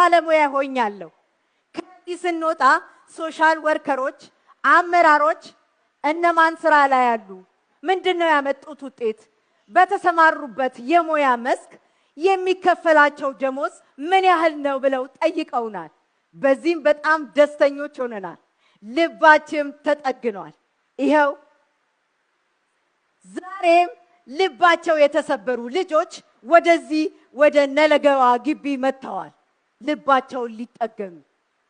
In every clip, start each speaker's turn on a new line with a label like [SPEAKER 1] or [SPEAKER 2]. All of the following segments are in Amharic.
[SPEAKER 1] ባለሙያ ሆኛለሁ። ከዚህ ስንወጣ ሶሻል ወርከሮች፣ አመራሮች እነማን ስራ ላይ ያሉ ምንድን ነው ያመጡት ውጤት? በተሰማሩበት የሙያ መስክ የሚከፈላቸው ደሞዝ ምን ያህል ነው ብለው ጠይቀውናል። በዚህም በጣም ደስተኞች ሆነናል። ልባችም ተጠግኗል። ይኸው ዛሬም ልባቸው የተሰበሩ ልጆች ወደዚህ ወደ ነለገዋ ግቢ መጥተዋል። ልባቸውን ሊጠገኑ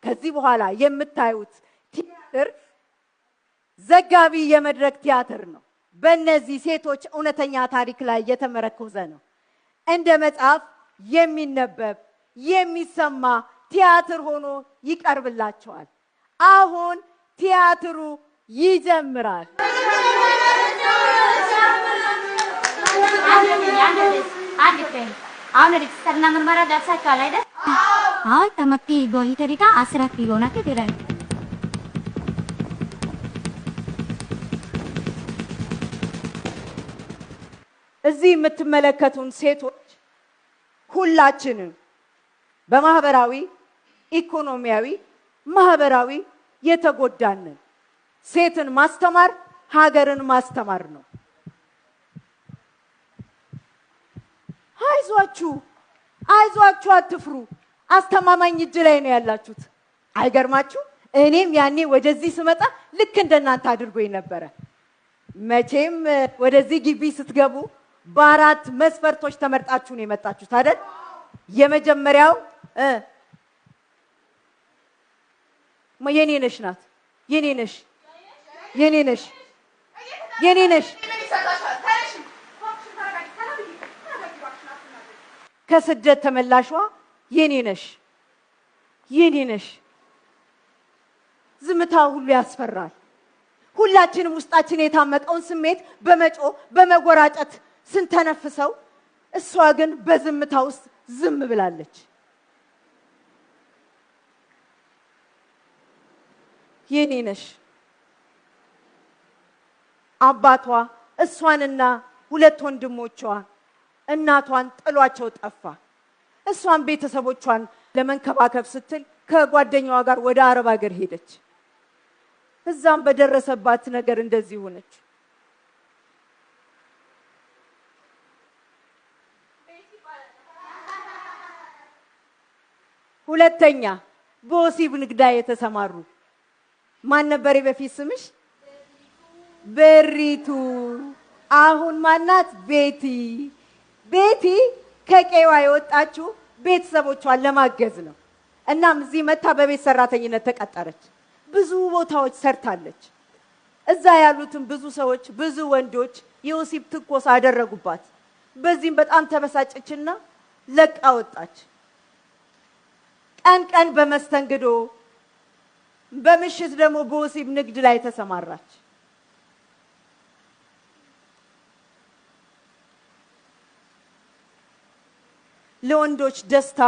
[SPEAKER 1] ከዚህ በኋላ የምታዩት ቲያትር ዘጋቢ የመድረክ ቲያትር ነው። በእነዚህ ሴቶች እውነተኛ ታሪክ ላይ የተመረኮዘ ነው። እንደ መጽሐፍ የሚነበብ የሚሰማ ቲያትር ሆኖ ይቀርብላቸዋል። አሁን ቲያትሩ ይጀምራል። አሁን ሪክስተርና ምርመራ ደርሳችኋል አይደል? තම පීගෝ හිටරික අසරක් පීගෝනක් ඉතිරයි. እዚህ የምትመለከቱን ሴቶች ሁላችንም በማህበራዊ ኢኮኖሚያዊ፣ ማህበራዊ የተጎዳንን ሴትን ማስተማር ሀገርን ማስተማር ነው። አይዟችሁ አይዟችሁ፣ አትፍሩ። አስተማማኝ እጅ ላይ ነው ያላችሁት። አይገርማችሁ? እኔም ያኔ ወደዚህ ስመጣ ልክ እንደናንተ አድርጎኝ ነበረ። መቼም ወደዚህ ግቢ ስትገቡ በአራት መስፈርቶች ተመርጣችሁ ነው የመጣችሁት አይደል? የመጀመሪያው የኔ ነሽ ናት። የኔ ነሽ፣ የኔ ነሽ፣ የኔ ነሽ። ከስደት ተመላሿ የኔ ነሽ የኔ ነሽ። ዝምታ ሁሉ ያስፈራል። ሁላችንም ውስጣችን የታመቀውን ስሜት በመጮ በመጎራጨት ስንተነፍሰው፣ እሷ ግን በዝምታ ውስጥ ዝም ብላለች። የኔ ነሽ። አባቷ እሷንና ሁለት ወንድሞቿ እናቷን ጥሏቸው ጠፋ። እሷን ቤተሰቦቿን ለመንከባከብ ስትል ከጓደኛዋ ጋር ወደ አረብ ሀገር ሄደች። እዛም በደረሰባት ነገር እንደዚህ ሆነች። ሁለተኛ በወሲብ ንግዳ የተሰማሩ ማን ነበር? በፊት ስምሽ በሪቱ፣ አሁን ማናት? ቤቲ ቤቲ ከቄዋ የወጣችሁ ቤተሰቦቿን ለማገዝ ነው። እናም እዚህ መታ በቤት ሰራተኝነት ተቀጠረች። ብዙ ቦታዎች ሰርታለች። እዛ ያሉትን ብዙ ሰዎች፣ ብዙ ወንዶች የወሲብ ትንኮሳ አደረጉባት። በዚህም በጣም ተበሳጨችና ለቃ ወጣች። ቀን ቀን በመስተንግዶ በምሽት ደግሞ በወሲብ ንግድ ላይ ተሰማራች። ለወንዶች ደስታ፣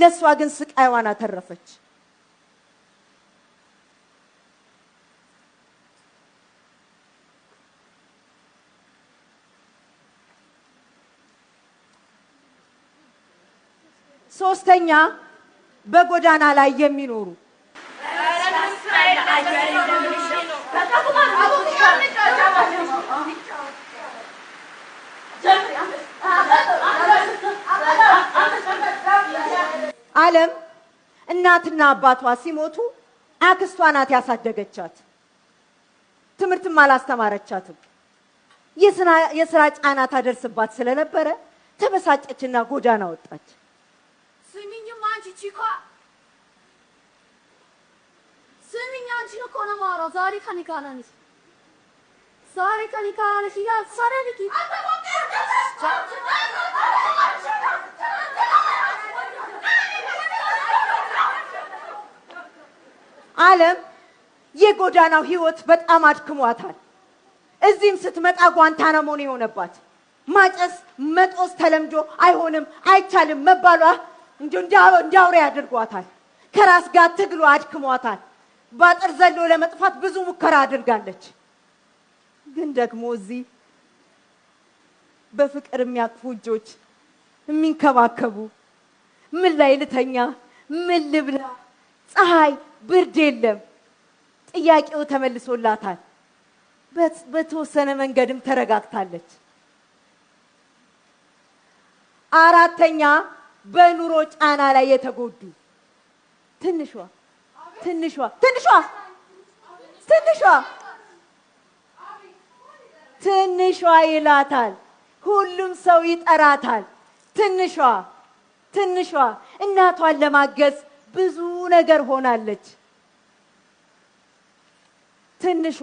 [SPEAKER 1] ለእሷ ግን ስቃይዋን አተረፈች። ሶስተኛ በጎዳና ላይ የሚኖሩ አለም እናትና አባቷ ሲሞቱ አክስቷ ናት ያሳደገቻት፣ ትምህርትም አላስተማረቻትም። የስራ ጫና ታደርስባት ስለነበረ ተበሳጨችና ጎዳና ወጣች። ስሚኝም አንቺ ቺኳ፣ ስሚኝ አንቺን እኮ ነው የማወራው። ዛሬ ከእኔ ጋር ነሽ፣ ዛሬ ከእኔ ጋር ነሽ እያልኩ ዓለም የጎዳናው ህይወት በጣም አድክሟታል። እዚህም ስትመጣ ጓንታናሞ የሆነባት። ማጨስ መጦስ ተለምዶ አይሆንም አይቻልም መባሏ እንዳውሬ አድርጓታል። ከራስ ጋር ትግሏ አድክሟታል። በአጥር ዘሎ ለመጥፋት ብዙ ሙከራ አድርጋለች። ግን ደግሞ እዚህ በፍቅር የሚያቅፉ እጆች የሚንከባከቡ ምን ላይ ልተኛ ምን ልብላ ፀሐይ ብርድ የለም። ጥያቄው ተመልሶላታል። በተወሰነ መንገድም ተረጋግታለች። አራተኛ በኑሮ ጫና ላይ የተጎዱ ትንሿ ትንሿ ትንሿ ትንሿ ትንሿ ይላታል። ሁሉም ሰው ይጠራታል። ትንሿ ትንሿ እናቷን ለማገዝ ብዙ ነገር ሆናለች። ትንሿ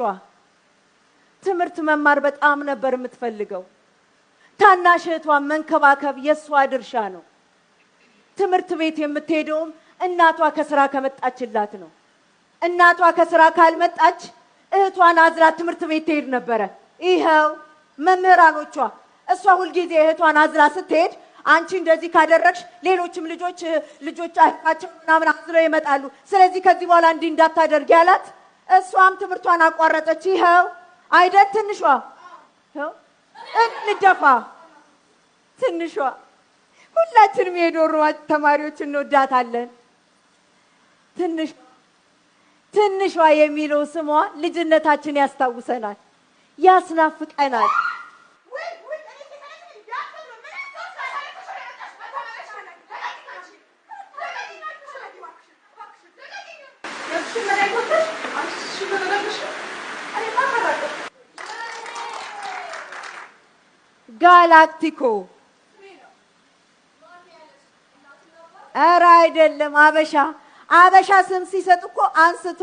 [SPEAKER 1] ትምህርት መማር በጣም ነበር የምትፈልገው። ታናሽ መንከባከብ የእሷ ድርሻ ነው። ትምህርት ቤት የምትሄደውም እናቷ ከስራ ከመጣችላት ነው። እናቷ ከስራ ካልመጣች እህቷን አዝላ ትምህርት ቤት ትሄድ ነበረ። ይኸው መምህራኖቿ እሷ ሁልጊዜ እህቷን አዝላ ስትሄድ አንቺ እንደዚህ ካደረግሽ ሌሎችም ልጆች ልጆቻቸው ምናምን አዝለው ይመጣሉ። ስለዚህ ከዚህ በኋላ እንዲህ እንዳታደርግ ያላት። እሷም ትምህርቷን አቋረጠች። ይኸው አይደል ትንሿ እንደፋ ትንሿ ሁላችንም የዶሮ ተማሪዎች እንወዳታለን። ትንሿ ትንሿ የሚለው ስሟ ልጅነታችን ያስታውሰናል፣ ያስናፍቀናል። ጋላክቲኮ ኧረ አይደለም። አበሻ አበሻ ስም ሲሰጥ እኮ አንስቶ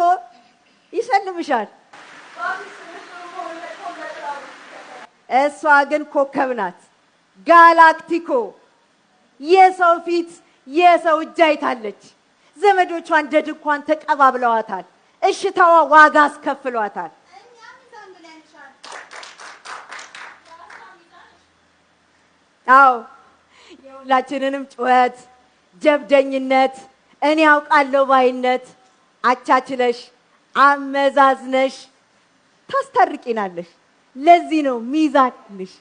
[SPEAKER 1] ይሰልምሻል እሷ ግን ኮከብ ናት። ጋላክቲኮ የሰው ፊት የሰው እጅ አይታለች። ዘመዶቿ እንደ ድንኳን ተቀባብለዋታል። እሽታዋ ዋጋ አስከፍሏታል። አዎ የሁላችንንም ጩኸት፣ ጀብደኝነት፣ እኔ አውቃለሁ ባይነት አቻችለሽ አመዛዝነሽ ታስታርቂናለሽ። ለዚህ ነው ሚዛንሽ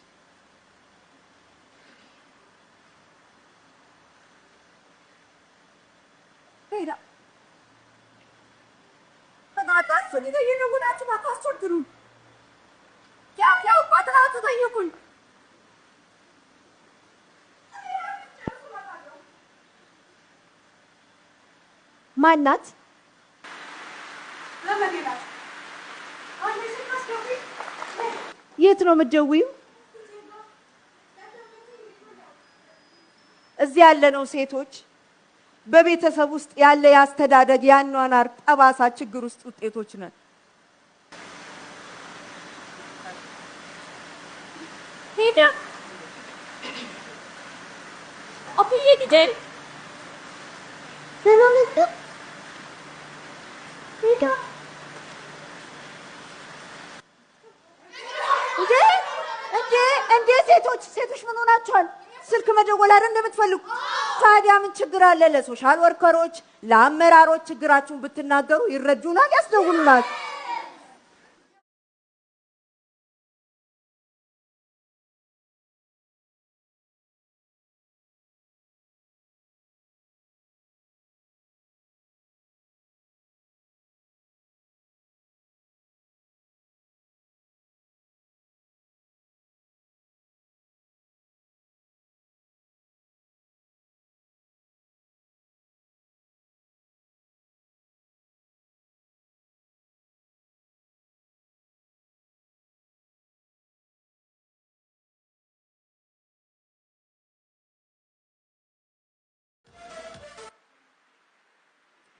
[SPEAKER 1] ጊዜ እየደወላችሁ አታስቸግሩ። ያው ያው እኮ አትጠይቁኝ። ማናት? የት ነው የምትደውይው? እዚህ ያለነው ሴቶች በቤተሰብ ውስጥ ያለ ያስተዳደግ የአኗኗር ጠባሳ ችግር ውስጥ ውጤቶች ነን። እንዴ ሴቶች ሴቶች ምን ሆናችኋል? ስልክ መደወል አይደል እንደምትፈልጉ ታዲያ ምን ችግር አለ? ለሶሻል ወርከሮች፣ ለአመራሮች ችግራችሁን ብትናገሩ ይረዱናል፣ ያስደውሉናል።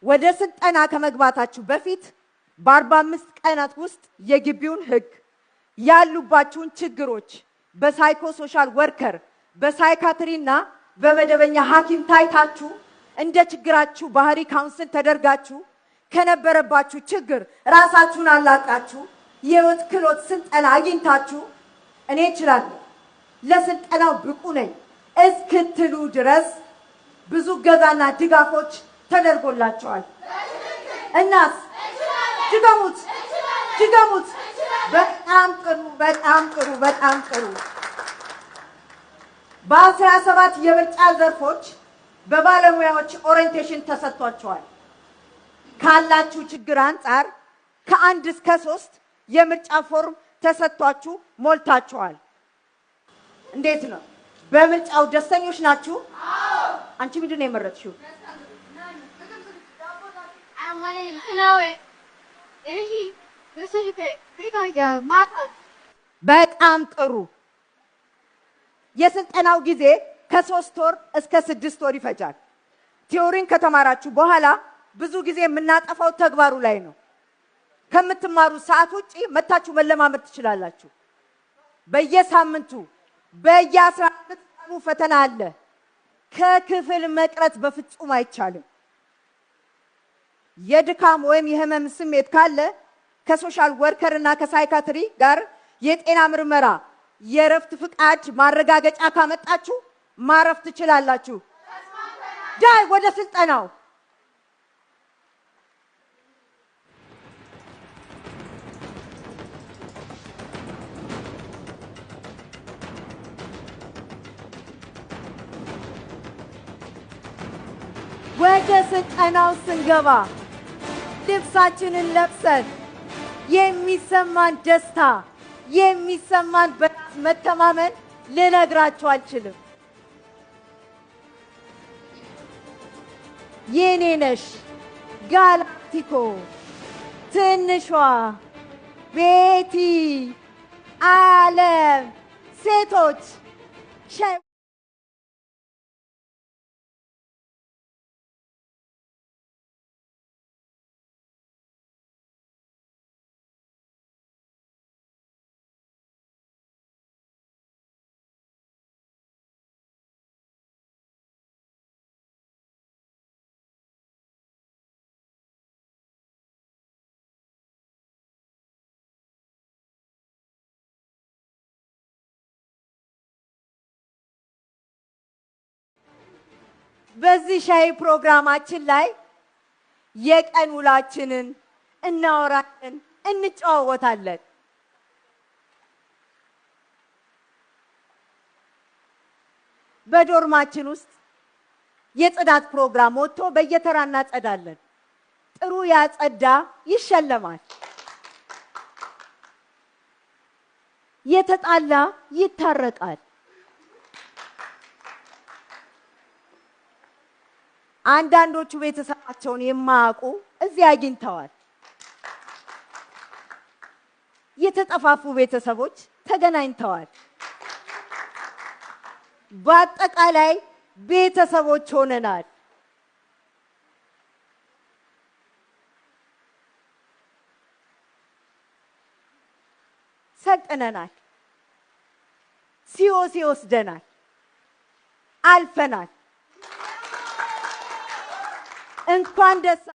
[SPEAKER 1] ወደ ስልጠና ከመግባታችሁ በፊት በአርባ አምስት ቀናት ውስጥ የግቢውን ህግ ያሉባችሁን ችግሮች በሳይኮ ሶሻል ወርከር እና በመደበኛ ሐኪም ታይታችሁ እንደ ችግራችሁ ባህሪ ካውንስል ተደርጋችሁ ከነበረባችሁ ችግር ራሳችሁን አላቃችሁ የህይወት ክህሎት ስልጠና አግኝታችሁ እኔ እችላለሁ ለስልጠናው ብቁ ነኝ እስክትሉ ድረስ ብዙ ገዛና ድጋፎች ተደርጎላቸዋል። እናስ ድገሙት፣ ድገሙት። በጣም ጥሩ፣ በጣም ጥሩ፣ በጣም ጥሩ። በአስራ ሰባት የምርጫ ዘርፎች በባለሙያዎች ኦሪንቴሽን ተሰጥቷቸዋል። ካላችሁ ችግር አንጻር ከአንድ እስከ ሶስት የምርጫ ፎርም ተሰጥቷችሁ ሞልታችኋል። እንዴት ነው? በምርጫው ደስተኞች ናችሁ? አንቺ ምንድን ነው የመረጥሽው? năm በጣም ጥሩ። የስልጠናው ጊዜ ከሶስት ወር እስከ ስድስት ወር ይፈጃል። ቲዮሪን ከተማራችሁ በኋላ ብዙ ጊዜ የምናጠፋው ተግባሩ ላይ ነው። ከምትማሩ ሰዓት ውጭ መታችሁ መለማመድ ትችላላችሁ። በየሳምንቱ በየአስራ አምስት ቀኑ ፈተና አለ። ከክፍል መቅረት በፍጹም አይቻልም። የድካም ወይም የህመም ስሜት ካለ ከሶሻል ወርከር እና ከሳይካትሪ ጋር የጤና ምርመራ የእረፍት ፍቃድ ማረጋገጫ ካመጣችሁ ማረፍ ትችላላችሁ። ዳይ ወደ ስልጠናው ወደ ስልጠናው ስንገባ ልብሳችንን ለብሰን የሚሰማን ደስታ የሚሰማን በራስ መተማመን ልነግራችሁ አልችልም። የኔ ነሽ ጋላክቲኮ ትንሿ ቤቲ ዓለም ሴቶች በዚህ ሻይ ፕሮግራማችን ላይ የቀን ውላችንን እናወራለን፣ እንጨዋወታለን። በዶርማችን ውስጥ የጽዳት ፕሮግራም ወጥቶ በየተራ እናጸዳለን። ጥሩ ያጸዳ ይሸለማል፣ የተጣላ ይታረቃል። አንዳንዶቹ ቤተሰባቸውን የማያውቁ እዚህ አግኝተዋል። የተጠፋፉ ቤተሰቦች ተገናኝተዋል። በአጠቃላይ ቤተሰቦች ሆነናል። ሰቅነናል። ሲኦሲ ወስደናል። አልፈናል። enquanto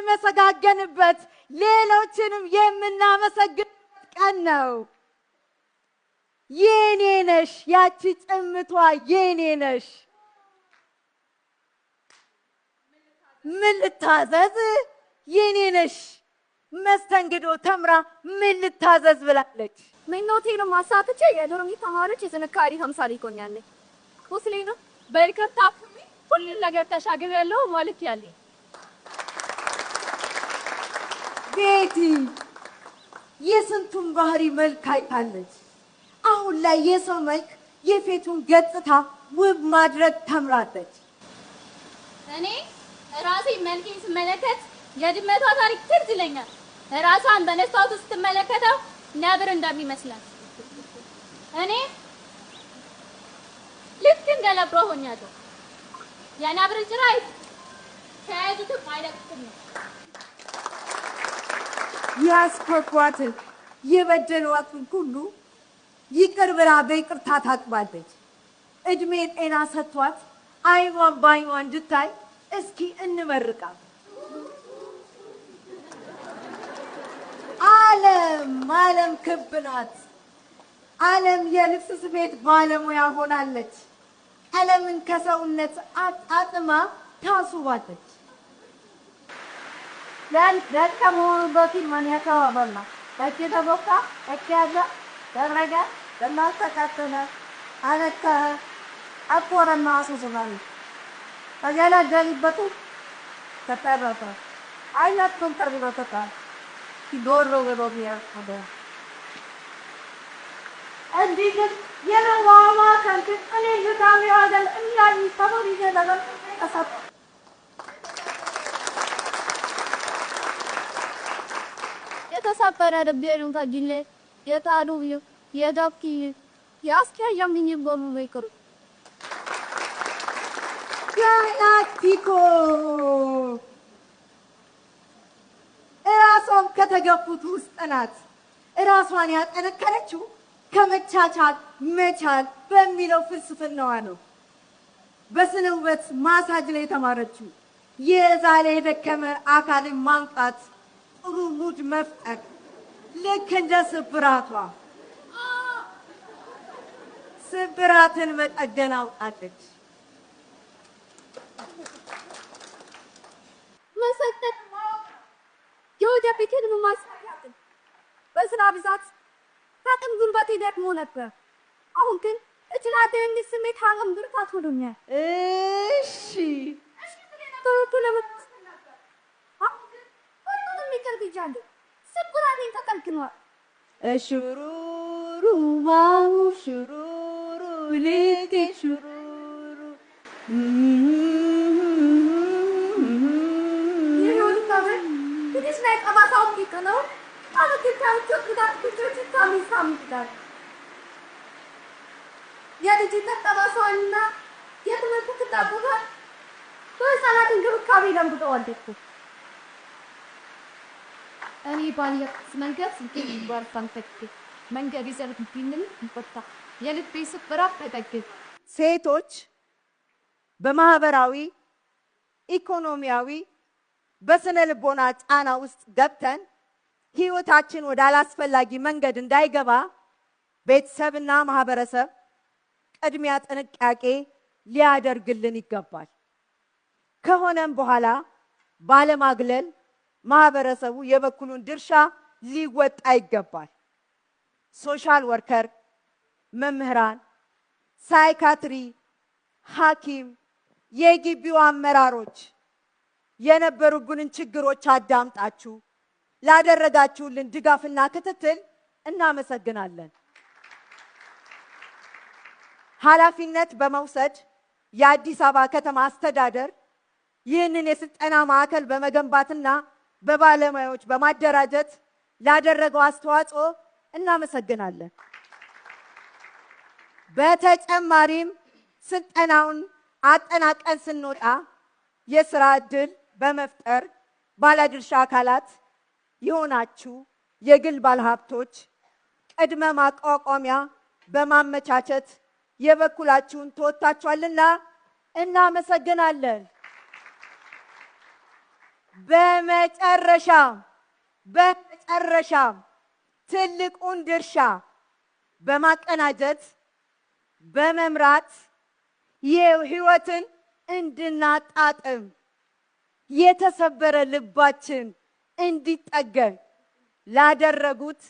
[SPEAKER 1] የምንመሰጋገንበት ሌሎችንም የምናመሰግንበት ቀን ነው። የኔ ነሽ ያቺ ጭምቷ የኔ ነሽ። ምን ልታዘዝ የኔ ነሽ። መስተንግዶ ተምራ ምን ልታዘዝ ብላለች። ምኞቴንም አሳክቼ የዶርሚ ተማሪዎች የጥንካሬ ተምሳሌ ይሆኛለች። ነው በርከታ ሁሉን ነገር ተሻግሬያለሁ ማለት ያለኝ ቤቲ የስንቱን ባህሪ መልክ አይታለች። አሁን ላይ የሰው መልክ የፊቱን ገጽታ ውብ ማድረግ ተምራለች። እኔ ራሴ መልኬን ስመለከት የድመቷ ታሪክ ትዝ ይለኛል። ራሷን በመስታወት ስትመለከተው ነብር እንደሚመስላት እኔ ልክ እንደ ነብሮ ሆኛለሁ። የነብር ጭራ ከያዙትም አይለቅም ነው ያስኮርኳትን የበደሏትን ሁሉ ይቅር ብላ በይቅርታ ታቅባለች። እድሜ ጤና ሰጥቷት አይኗን በአይኗ እንድታይ እስኪ እንመርቃት። ዓለም ዓለም ክብ ናት። ዓለም የልብስ ስፌት ባለሙያ ሆናለች። ዓለምን ከሰውነት አጥማ ታስቧለች። ذلك ذلك موضة من يتوضأ فكتبك أكاد تدرج لما سكتنا أنك أكبر الناس صغاري فجعل جلبة تتابعك أين تكون تربيتك في دور روغ روغ أنديكت يرى الله ما كانت أن يجدع هذا الأميان فضل جدلا أسطر የተሰበረ ልቤ ነው ታጅሌ የታዱብዩ የዳብኪዩ ያስቸየምኝ ቦሉ ይቅሩ ያላቲኮ እራሷም ከተገፉት ውስጥ ናት። እራሷን ያጠነከረችው ከመቻቻል መቻል በሚለው ፍልስፍናዋ ነው። በስነ ውበት ማሳጅ ላይ የተማረችው የዛሬ የደከመ አካልን ማንቃት ጥሩ ሙድ መፍጠር ልክ እንደ ስብራቷ ስብራትን መጠገን አውጣለች። መሰጠት የወደፊትን በስራ ብዛት ታቅም ነበር። አሁን ግን እችላለሁ ስሜት ብርታት ሆኖኛል። እሺ ricadır. Sırf Kur'an-ı takalkın var. Eşururu mahu şururu lidi şururu. Yürüyorlar. Bir de şmek ama sağım gittanı. Ama kırkan çok güzel kültür çıktan insan Ya Yani cidden ama sonra ya da bu kitabı var. Bu sanatın gibi kaviren bu da oldu. أنا بالي سمنجر سنتين بار فانتكي መንገድ ይዘርብብኝም ይፈታ የልቤ ስብራት ተጠግብ ሴቶች በማህበራዊ ኢኮኖሚያዊ በስነ ልቦና ጫና ውስጥ ገብተን ህይወታችን ወደ አላስፈላጊ መንገድ እንዳይገባ ቤተሰብና ማህበረሰብ ቅድሚያ ጥንቃቄ ሊያደርግልን ይገባል። ከሆነም በኋላ ባለማግለል ማህበረሰቡ የበኩሉን ድርሻ ሊወጣ ይገባል። ሶሻል ወርከር፣ መምህራን፣ ሳይካትሪ፣ ሐኪም፣ የግቢው አመራሮች የነበሩብንን ችግሮች አዳምጣችሁ ላደረጋችሁልን ድጋፍና ክትትል እናመሰግናለን። ኃላፊነት በመውሰድ የአዲስ አበባ ከተማ አስተዳደር ይህንን የስልጠና ማዕከል በመገንባትና በባለሙያዎች በማደራጀት ላደረገው አስተዋጽኦ እናመሰግናለን። በተጨማሪም ስልጠናውን አጠናቀን ስንወጣ የስራ እድል በመፍጠር ባለድርሻ አካላት የሆናችሁ የግል ባለሀብቶች ቅድመ ማቋቋሚያ በማመቻቸት የበኩላችሁን ተወጥታችኋልና እናመሰግናለን። በመጨረሻ በመጨረሻ ትልቁን ድርሻ በማቀናጀት በመምራት የህይወትን እንድናጣጥም የተሰበረ ልባችን እንዲጠገን ላደረጉት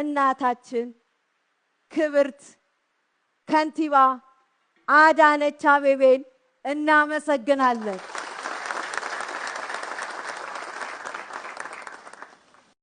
[SPEAKER 1] እናታችን ክብርት ከንቲባ አዳነች አቤቤን እናመሰግናለን።